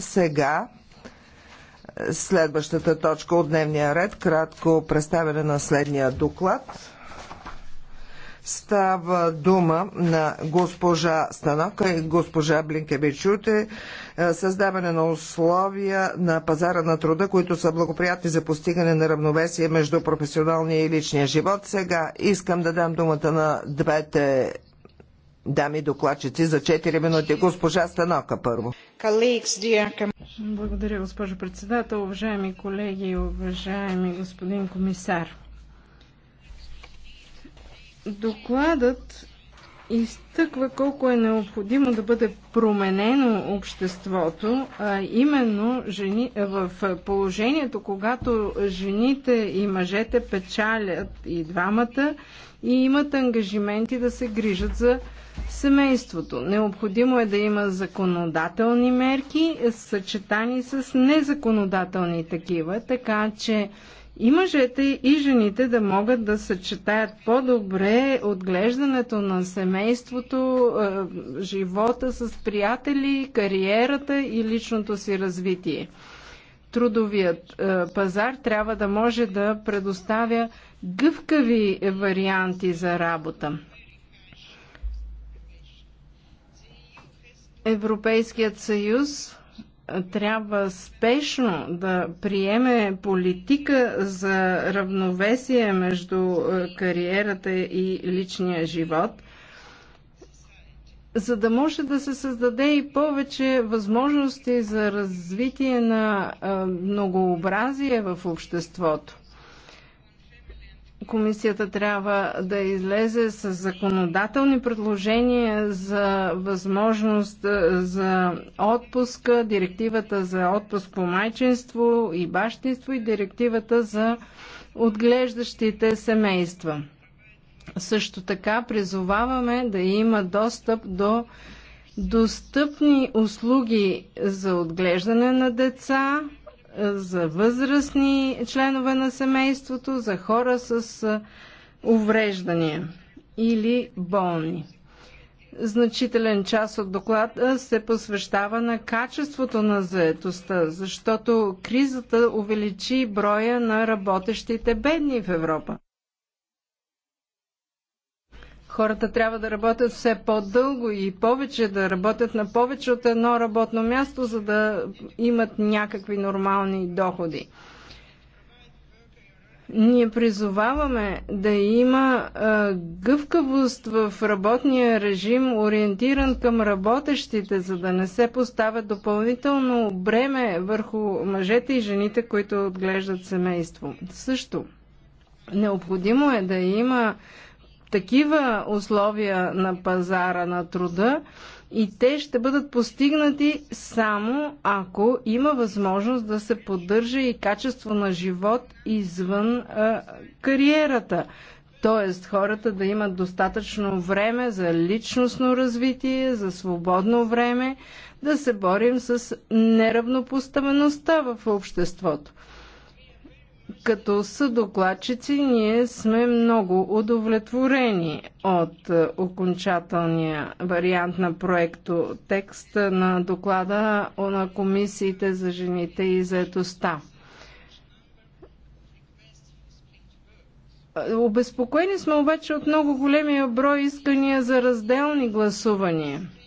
Сега следващата точка от дневния ред, кратко представяне на следния доклад. Става дума на госпожа Станока и госпожа Блинкебичуте е, създаване на условия на пазара на труда, които са благоприятни за постигане на равновесие между професионалния и личния живот. Сега искам да дам думата на двете дами докладчици за 4 минути. Госпожа Станока първо. Благодаря, госпожо председател, уважаеми колеги, уважаеми господин комисар. Докладът изтъква колко е необходимо да бъде променено обществото, а именно жени, е, в положението, когато жените и мъжете печалят и двамата и имат ангажименти да се грижат за семейството. Необходимо е да има законодателни мерки, съчетани с незаконодателни такива, така че и мъжете и жените да могат да съчетаят по-добре отглеждането на семейството, е, живота с приятели, кариерата и личното си развитие. Трудовият е, пазар трябва да може да предоставя гъвкави варианти за работа. Европейският съюз трябва спешно да приеме политика за равновесие между е, кариерата и личния живот, за да може да се създаде и повече възможности за развитие на е, многообразие в обществото комисията трябва да излезе с законодателни предложения за възможност е, за отпуска, директивата за отпуск по майчинство и бащинство и директивата за отглеждащите семейства. Също така призоваваме да има достъп до достъпни услуги за отглеждане на деца, за възрастни членове на семейството, за хора с увреждания или болни. Значителен част от доклада се посвещава на качеството на заетостта, защото кризата увеличи броя на работещите бедни в Европа. Хората трябва да работят все по-дълго и повече, да работят на повече от едно работно място, за да имат някакви нормални доходи. Ние призоваваме да има а, гъвкавост в работния режим, ориентиран към работещите, за да не се поставя допълнително бреме върху мъжете и жените, които отглеждат семейство. Също, необходимо е да има такива условия на пазара на труда и те ще бъдат постигнати само ако има възможност да се поддържа и качество на живот извън а, кариерата. Тоест хората да имат достатъчно време за личностно развитие, за свободно време, да се борим с неравнопоставеността в обществото. Като съдокладчици ние сме много удовлетворени от е, окончателния вариант на проекто текст на доклада на комисиите за жените и заетостта. Обезпокоени сме обаче от много големия брой искания за разделни гласувания –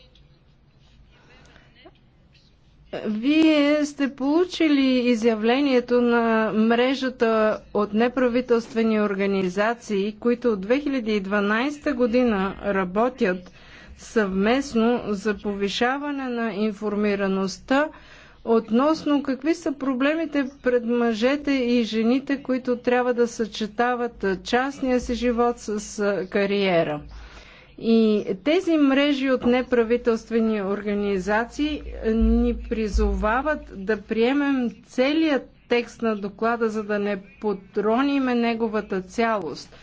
вие сте получили изявлението на мрежата от неправителствени организации, които от 2012 година работят съвместно за повишаване на информираността относно какви са проблемите пред мъжете и жените, които трябва да съчетават частния си живот с кариера. И тези мрежи от неправителствени организации е, ни призовават да приемем целият текст на доклада, за да не подрониме неговата цялост.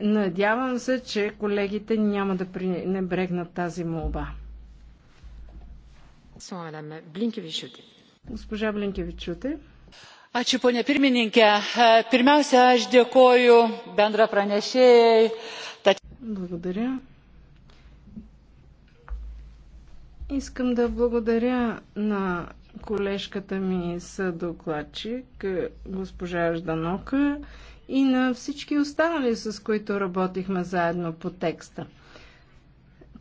Надявам се, че колегите няма да пренебрегнат тази молба. Госпожа Блинкевичуте. Ačiū, ponė pirmininkė. Е, pirmiausia, aš dėkoju bendra pranešėjai. Благодаря. Искам да благодаря на колежката ми съдокладчик, е, госпожа Жданока, и на всички останали, с които работихме заедно по текста.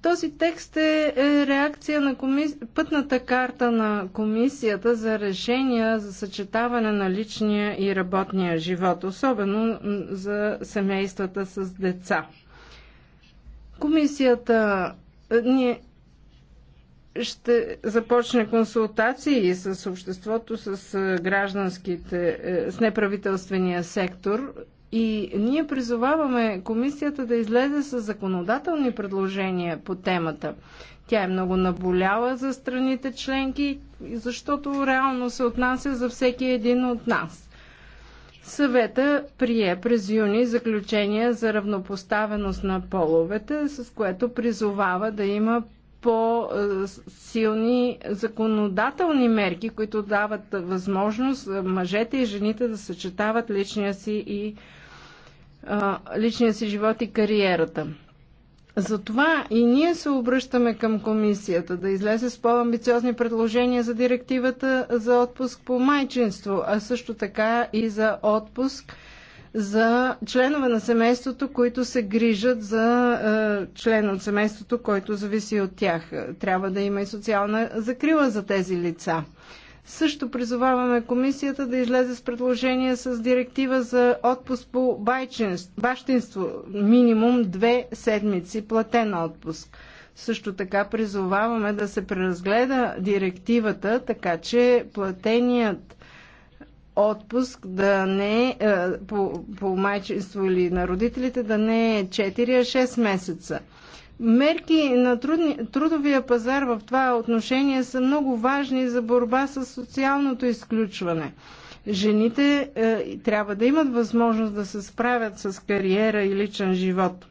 Този текст е, е реакция на коми... пътната карта на комисията за решения за съчетаване на личния и работния живот, особено за семействата с деца. Комисията е, ние ще започне консултации с обществото, с гражданските, е, с неправителствения сектор. И ние призоваваме комисията да излезе с законодателни предложения по темата. Тя е много наболяла за страните членки, защото реално се отнася за всеки един от нас. Съвета прие през юни заключение за равнопоставеност на половете, с което призовава да има по-силни законодателни мерки, които дават възможност мъжете и жените да съчетават личния си и личния си живот и кариерата. Затова и ние се обръщаме към комисията да излезе с по-амбициозни предложения за директивата за отпуск по майчинство, а също така и за отпуск за членове на семейството, които се грижат за е, член от семейството, който зависи от тях. Трябва да има и социална закрила за тези лица. Също призоваваме комисията да излезе с предложение с директива за отпуск по бащинство, минимум две седмици платен отпуск. Също така призоваваме да се преразгледа директивата, така че платеният отпуск да не е, по, по майчинство или на родителите да не е 4, а 6 месеца. Мерки на трудни, трудовия пазар в това отношение са много важни за борба с социалното изключване. Жените е, трябва да имат възможност да се справят с кариера и личен живот.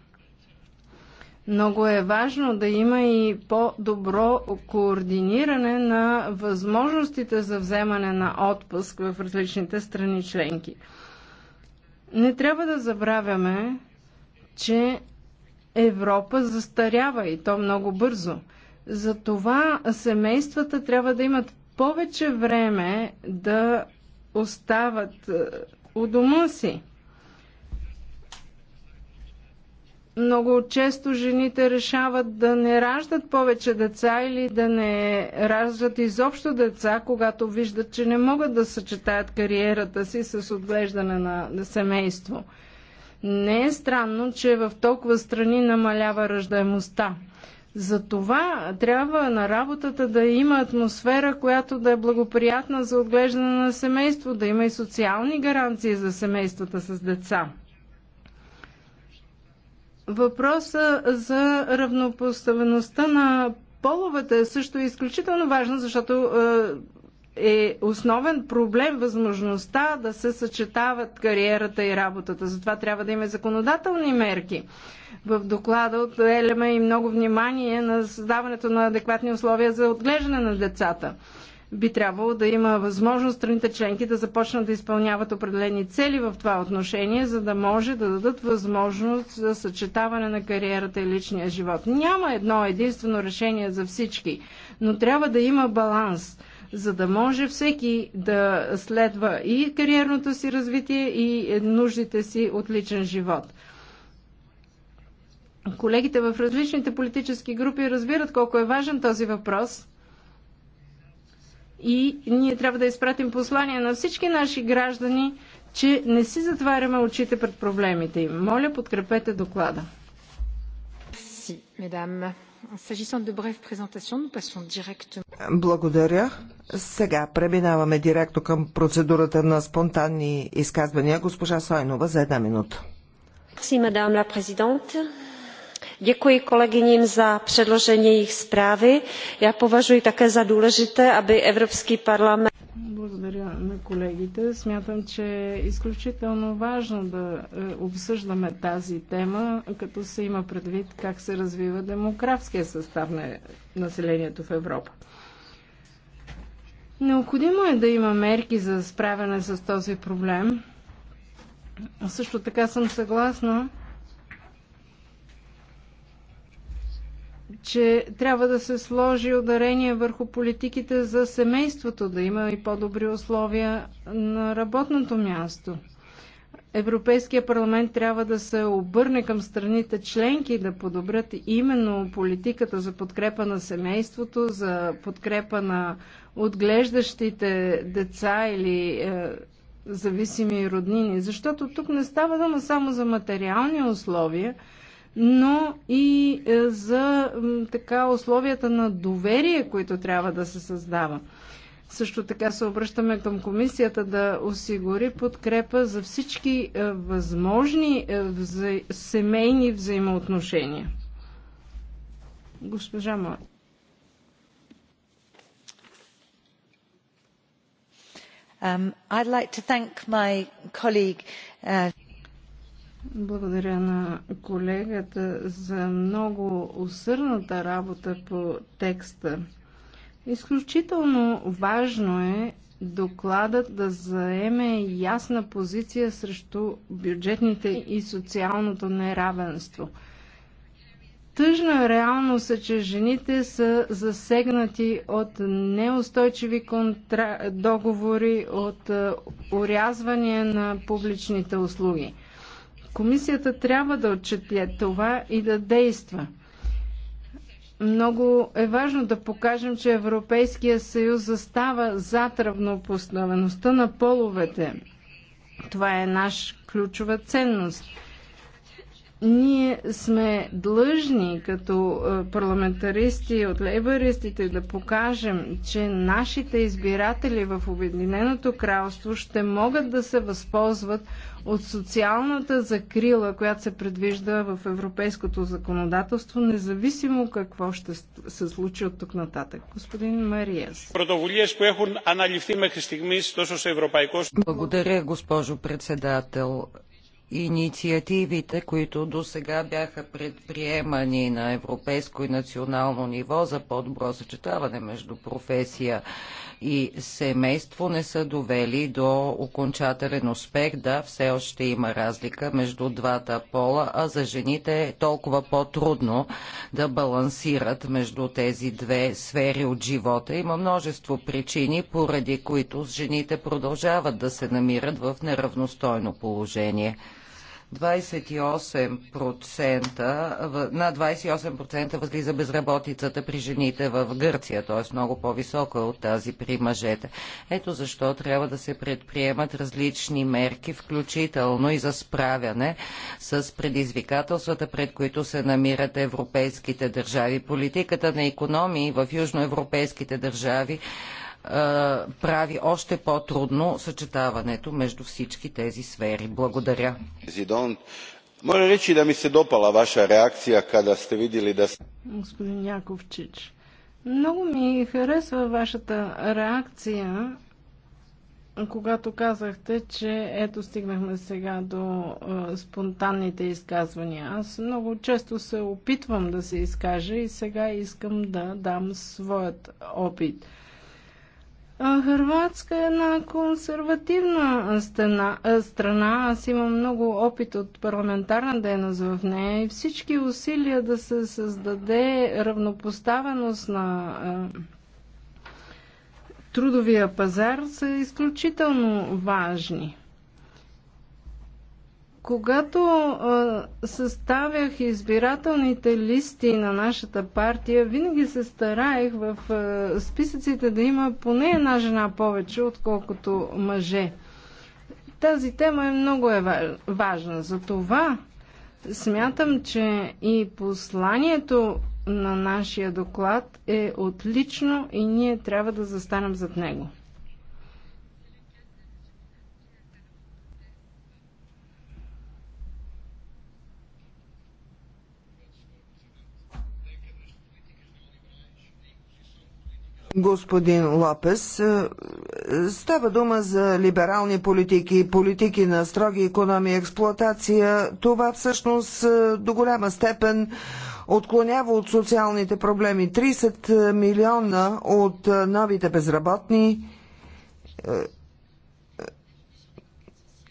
Много е важно да има и по-добро координиране на възможностите за вземане на отпуск в различните страни членки. Не трябва да забравяме, че Европа застарява и то много бързо. Затова семействата трябва да имат повече време да остават е, у дома си. Много често жените решават да не раждат повече деца или да не раждат изобщо деца, когато виждат, че не могат да съчетаят кариерата си с отглеждане на, семейство. Не е странно, че в толкова страни намалява раждаемостта. Затова трябва на работата да има атмосфера, която да е благоприятна за отглеждане на семейство, да има и социални гаранции за семействата с деца. Въпроса за равнопоставеността на половете също е изключително важно, защото е, е основен проблем възможността да се съчетават кариерата и работата. Затова трябва да има законодателни мерки. В доклада от Елема и много внимание на създаването на адекватни условия за отглеждане на децата би трябвало да има възможност страните членки да започнат да изпълняват определени цели в това отношение, за да може да дадат възможност за съчетаване на кариерата и личния живот. Няма едно единствено решение за всички, но трябва да има баланс, за да може всеки да следва и кариерното си развитие, и нуждите си от личен живот колегите в различните политически групи разбират колко е важен този въпрос и ние трябва да изпратим послание на всички наши граждани, че не си затваряме очите пред проблемите им. Моля, подкрепете доклада. Благодаря. Сега преминаваме директно към процедурата на спонтанни изказвания. Госпожа Сойнова за една минута. Благодаря, madame la děkuji kolegyním za předložení jejich zprávy. já považuji také za důležité aby evropský parlament благодаря на колегите. Смятам, че е изключително важно да е, обсъждаме тази тема, като се има предвид как се развива демографския състав на населението в Европа. Необходимо е да има мерки за справяне с този проблем. Също така съм съгласна, че трябва да се сложи ударение върху политиките за семейството, да има и по-добри условия на работното място. Европейския парламент трябва да се обърне към страните членки да подобрят именно политиката за подкрепа на семейството, за подкрепа на отглеждащите деца или е, зависими роднини. Защото тук не става дума само за материални условия, но и е, за така условията на доверие, които трябва да се създава. Също така се обръщаме към комисията да осигури подкрепа за всички е, възможни е, вза... семейни взаимоотношения. Госпожа Мор. Um, I'd like to thank my colleague uh... Благодаря на колегата за много усърната работа по текста. Изключително важно е докладът да заеме ясна позиция срещу бюджетните и социалното неравенство. Тъжна реалност е, че жените са засегнати от неустойчиви контра... договори, от е, урязвания на публичните услуги. Комисията трябва да отчете това и да действа. Много е важно да покажем, че Европейския съюз застава зад равнопоставеността на половете. Това е наш ключова ценност – ние сме длъжни като е, парламентаристи от лейбаристите да покажем, че нашите избиратели в Обединеното кралство ще могат да се възползват от социалната закрила, която се предвижда в европейското законодателство, независимо какво ще се случи от тук нататък. Господин Мариес. Благодаря, госпожо председател инициативите, които до сега бяха предприемани на европейско и национално ниво за по-добро съчетаване между професия и семейство, не са довели до окончателен успех. Да, все още има разлика между двата пола, а за жените е толкова по-трудно да балансират между тези две сфери от живота. Има множество причини, поради които жените продължават да се намират в неравностойно положение. 28%, на 28% възлиза безработицата при жените в Гърция, т.е. много по-висока от тази при мъжете. Ето защо трябва да се предприемат различни мерки, включително и за справяне с предизвикателствата, пред които се намират европейските държави. Политиката на економии в южноевропейските държави прави още по-трудно съчетаването между всички тези сфери. Благодаря. Господин Яковчич, много ми харесва вашата реакция, когато казахте, че ето стигнахме сега до е, спонтанните изказвания. Аз много често се опитвам да се изкажа и сега искам да дам своят опит. Хрватска е една консервативна стена, страна. Аз имам много опит от парламентарна дейност в нея и всички усилия да се създаде равнопоставеност на трудовия пазар са изключително важни. Когато а, съставях избирателните листи на нашата партия, винаги се стараех в а, списъците да има поне една жена повече, отколкото мъже. Тази тема е много е важна. За това смятам, че и посланието на нашия доклад е отлично и ние трябва да застанем зад него. господин Лопес. Е, става дума за либерални политики, политики на строги економи и експлоатация. Това всъщност е, до голяма степен отклонява от социалните проблеми. 30 милиона от е, новите безработни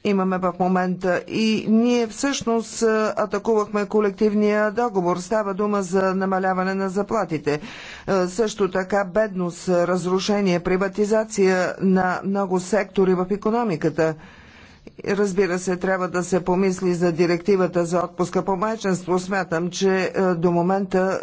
имаме в момента. И ние всъщност атакувахме колективния договор. Става дума за намаляване на заплатите. Е, също така бедност, разрушение, приватизация на много сектори в економиката. Разбира се, трябва да се помисли за директивата за отпуска по майчинство. Смятам, че е, до момента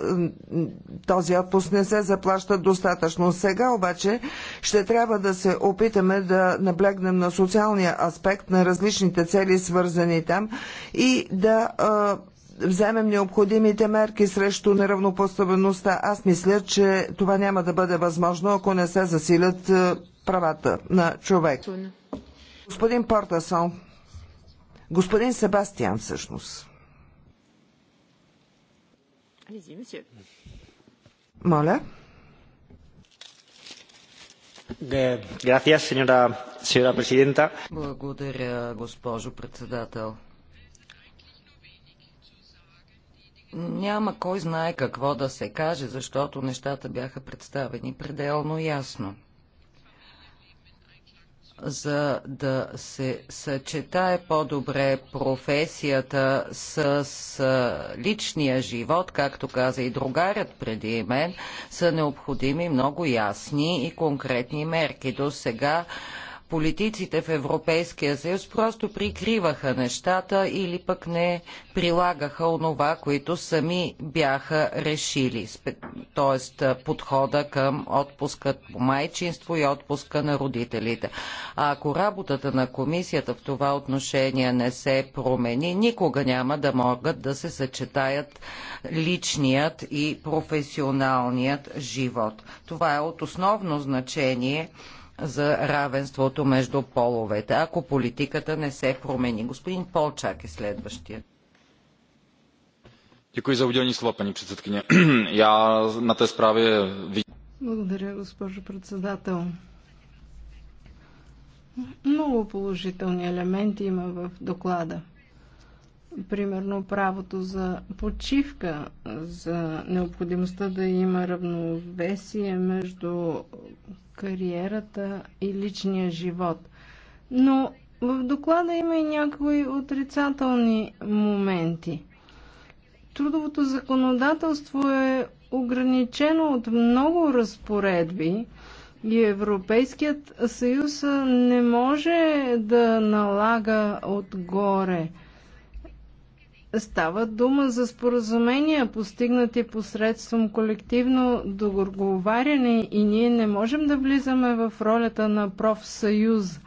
този отпуск не се заплаща достатъчно. Сега обаче ще трябва да се опитаме да наблегнем на социалния аспект на различните цели, свързани там и да е, вземем необходимите мерки срещу неравнопоставеността. Аз мисля, че това няма да бъде възможно, ако не се засилят е, правата на човек. Господин Портасон, господин Себастиан всъщност. Моля. Е, Благодаря, госпожо председател. няма кой знае какво да се каже, защото нещата бяха представени пределно ясно. За да се съчетае по-добре професията с личния живот, както каза и другарят преди мен, са необходими много ясни и конкретни мерки. До сега политиците в Европейския съюз просто прикриваха нещата или пък не прилагаха онова, които сами бяха решили, т.е. подхода към отпуска по майчинство и отпуска на родителите. А ако работата на комисията в това отношение не се промени, никога няма да могат да се съчетаят личният и професионалният живот. Това е от основно значение за равенството между половете, ако политиката не се промени. Господин Полчак е следващия. Děkuji за udělení slova, paní předsedkyně. Já na té zprávě vidím. Благодаря, госпожо председател. Много положителни елементи има в доклада. Примерно правото за почивка, за необходимостта да има равновесие между кариерата и личния живот. Но в доклада има и някои отрицателни моменти. Трудовото законодателство е ограничено от много разпоредби и Европейският съюз не може да налага отгоре – Става дума за споразумения, постигнати посредством колективно договаряне и ние не можем да влизаме в ролята на профсъюз.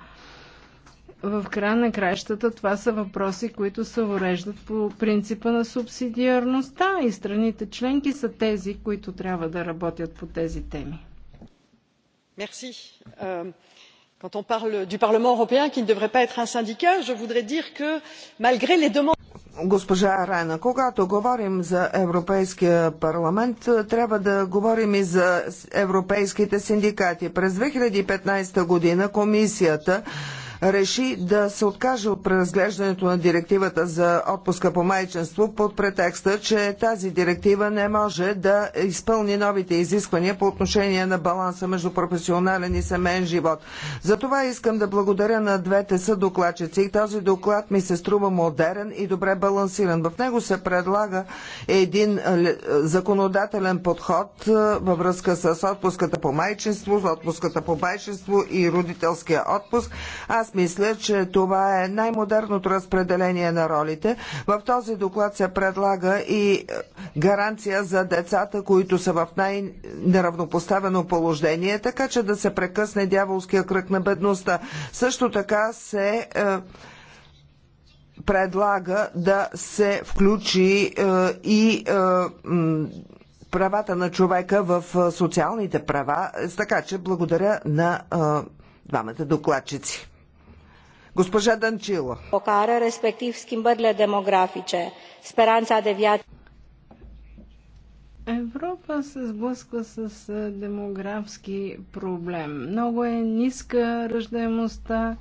В края на краищата това са въпроси, които се уреждат по принципа на субсидиарността и страните членки са тези, които трябва да работят по тези теми. Мерси. Euh, quand on parle du Parlement européen qui ne devrait pas être un syndicat, je voudrais dire que malgré les demandes госпожа Райна, когато говорим за Европейския парламент, трябва да говорим и за европейските синдикати. През 2015 година комисията реши да се откаже от преразглеждането на директивата за отпуска по майчинство под претекста, че тази директива не може да изпълни новите изисквания по отношение на баланса между професионален и семейен живот. За това искам да благодаря на двете съдокладчици. Този доклад ми се струва модерен и добре балансиран. В него се предлага един е, законодателен подход е, във връзка с отпуската по майчинство, отпуската по байчинство и родителския отпуск. Аз мисля, че това е най-модерното разпределение на ролите. В този доклад се предлага и е, гаранция за децата, които са в най-неравнопоставено положение, така че да се прекъсне дяволския кръг на бедността. Също така се е, предлага да се включи е, и е, правата на човека в е, социалните права, е, така че благодаря на двамата докладчици. Госпожа Данчила. Покара, респектив schimbările демографice, speranța de viață. Европа се сблъсква с демографски проблем. Много е ниска ръждаемостта,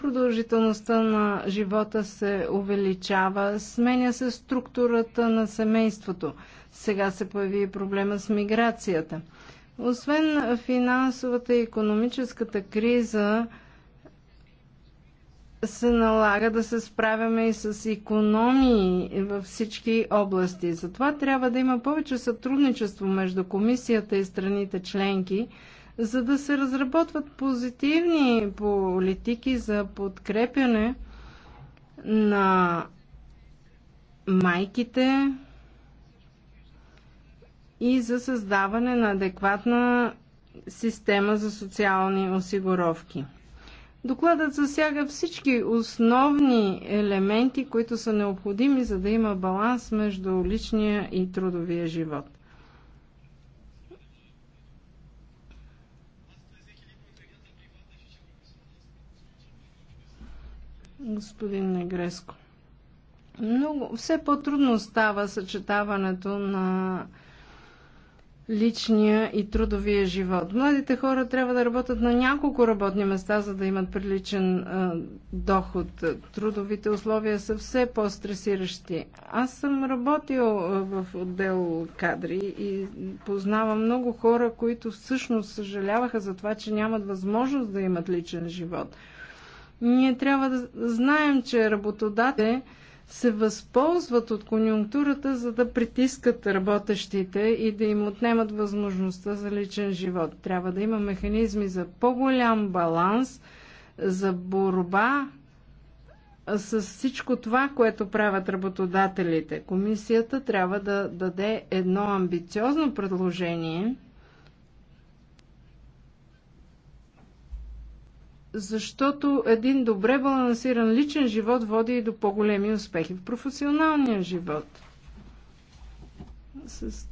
продължителността на живота се увеличава, сменя се структурата на семейството. Сега се появи проблема с миграцията. Освен финансовата и економическата криза, се налага да се справяме и с економии във всички области. Затова трябва да има повече сътрудничество между комисията и страните членки, за да се разработват позитивни политики за подкрепяне на майките и за създаване на адекватна система за социални осигуровки. Докладът засяга всички основни елементи, които са необходими, за да има баланс между личния и трудовия живот. Господин Негреско. Много, все по-трудно става съчетаването на личния и трудовия живот. Младите хора трябва да работят на няколко работни места, за да имат приличен а, доход. Трудовите условия са все по-стресиращи. Аз съм работил в отдел кадри и познавам много хора, които всъщност съжаляваха за това, че нямат възможност да имат личен живот. Ние трябва да знаем, че работодателите се възползват от конюнктурата, за да притискат работещите и да им отнемат възможността за личен живот. Трябва да има механизми за по-голям баланс, за борба с всичко това, което правят работодателите. Комисията трябва да даде едно амбициозно предложение – защото един добре балансиран личен живот води и до по-големи успехи в професионалния живот. С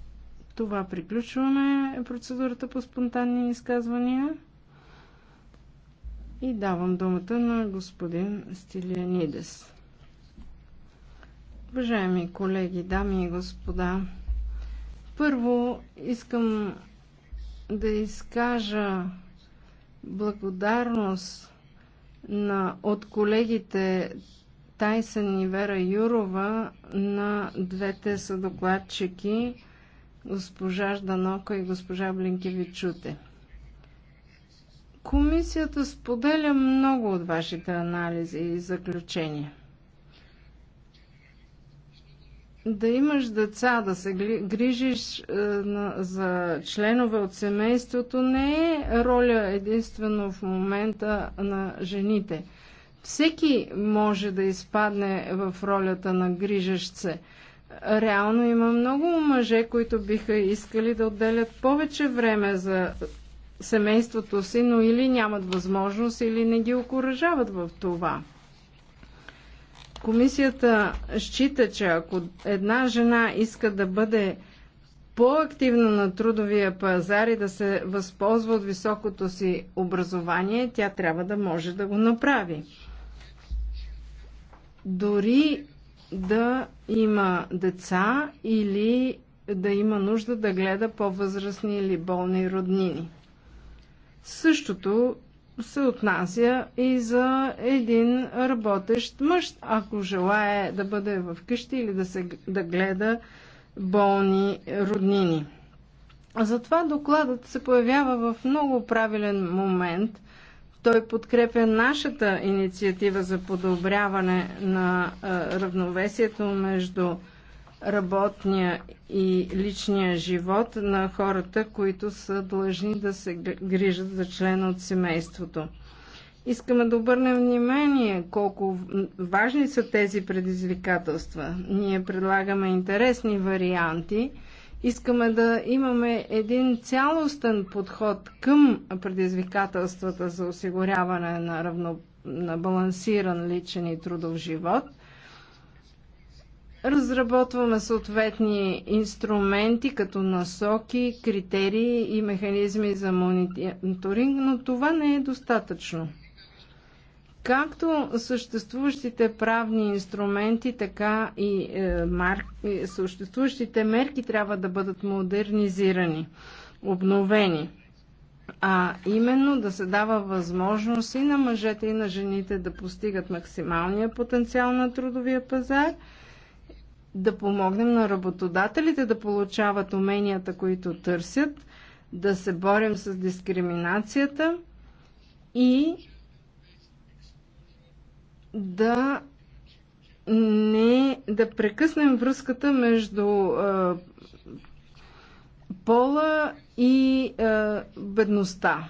това приключваме процедурата по спонтанни изказвания и давам думата на господин Стилианидес. Уважаеми колеги, дами и господа, първо искам да изкажа благодарност на, от колегите Тайсън и Вера Юрова на двете съдокладчики госпожа Жданока и госпожа Блинкевичуте. Комисията споделя много от вашите анализи и заключения да имаш деца, да се грижиш е, за членове от семейството не е роля единствено в момента на жените. Всеки може да изпадне в ролята на грижещ се. Реално има много мъже, които биха искали да отделят повече време за семейството си, но или нямат възможност, или не ги окоръжават в това. Комисията счита, че ако една жена иска да бъде по-активна на трудовия пазар и да се възползва от високото си образование, тя трябва да може да го направи. Дори да има деца или да има нужда да гледа по-възрастни или болни роднини. Същото се отнася и за един работещ мъж, ако желая да бъде в къщи или да, се, да гледа болни роднини. Затова докладът се появява в много правилен момент. Той подкрепя нашата инициатива за подобряване на равновесието между работния и личния живот на хората, които са длъжни да се грижат за член от семейството. Искаме да обърнем внимание колко важни са тези предизвикателства. Ние предлагаме интересни варианти. Искаме да имаме един цялостен подход към предизвикателствата за осигуряване на, равно, на балансиран личен и трудов живот – Разработваме съответни инструменти, като насоки, критерии и механизми за мониторинг, но това не е достатъчно. Както съществуващите правни инструменти, така и е, съществуващите мерки трябва да бъдат модернизирани, обновени. А именно да се дава възможност и на мъжете, и на жените да постигат максималния потенциал на трудовия пазар – да помогнем на работодателите да получават уменията, които търсят, да се борим с дискриминацията и да не да прекъснем връзката между е, пола и е, бедността.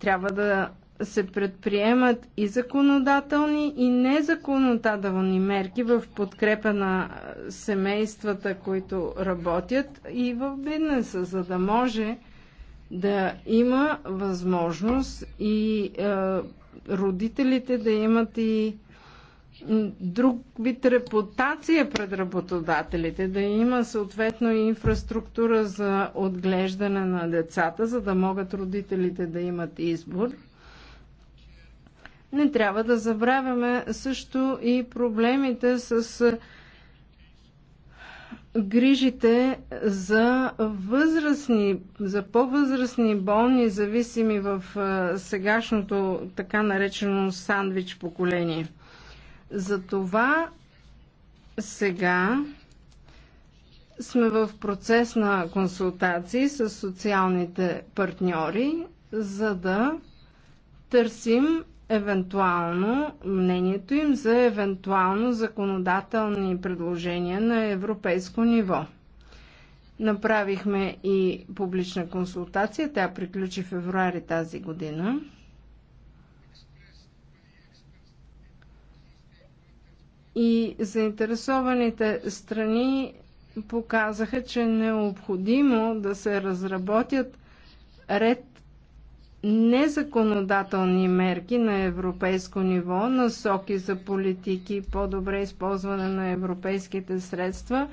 Трябва да се предприемат и законодателни, и незаконодателни мерки в подкрепа на семействата, които работят и в бизнеса, за да може да има възможност и е, родителите да имат и друг вид репутация пред работодателите, да има съответно и инфраструктура за отглеждане на децата, за да могат родителите да имат избор – не трябва да забравяме също и проблемите с грижите за възрастни, за по-възрастни болни, зависими в сегашното така наречено сандвич поколение. Затова сега сме в процес на консултации с социалните партньори, за да търсим евентуално мнението им за евентуално законодателни предложения на европейско ниво. Направихме и публична консултация, тя приключи в февруари тази година. И заинтересованите страни показаха, че е необходимо да се разработят ред незаконодателни мерки на европейско ниво, насоки за политики, по-добре използване на европейските средства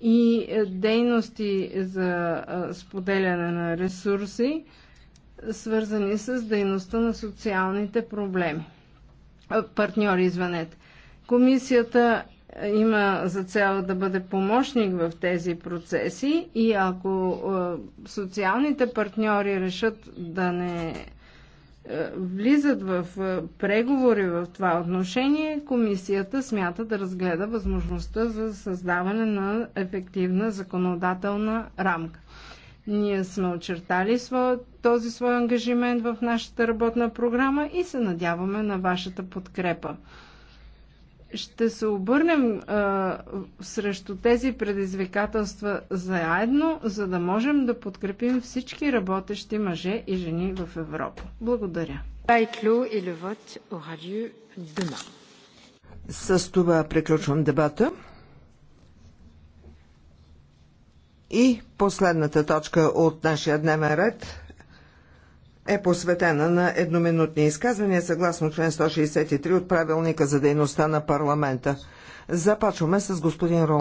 и е, дейности за е, споделяне на ресурси, свързани с дейността на социалните проблеми. Е, партньори, извънете. Комисията има за цел да бъде помощник в тези процеси и ако социалните партньори решат да не влизат в преговори в това отношение, комисията смята да разгледа възможността за създаване на ефективна законодателна рамка. Ние сме очертали този свой ангажимент в нашата работна програма и се надяваме на вашата подкрепа ще се обърнем а, срещу тези предизвикателства заедно, за да можем да подкрепим всички работещи мъже и жени в Европа. Благодаря. С това приключвам дебата. И последната точка от нашия дневен ред е посветена на едноминутни изказвания съгласно член 163 от правилника за дейността на парламента. Започваме с господин Ролан.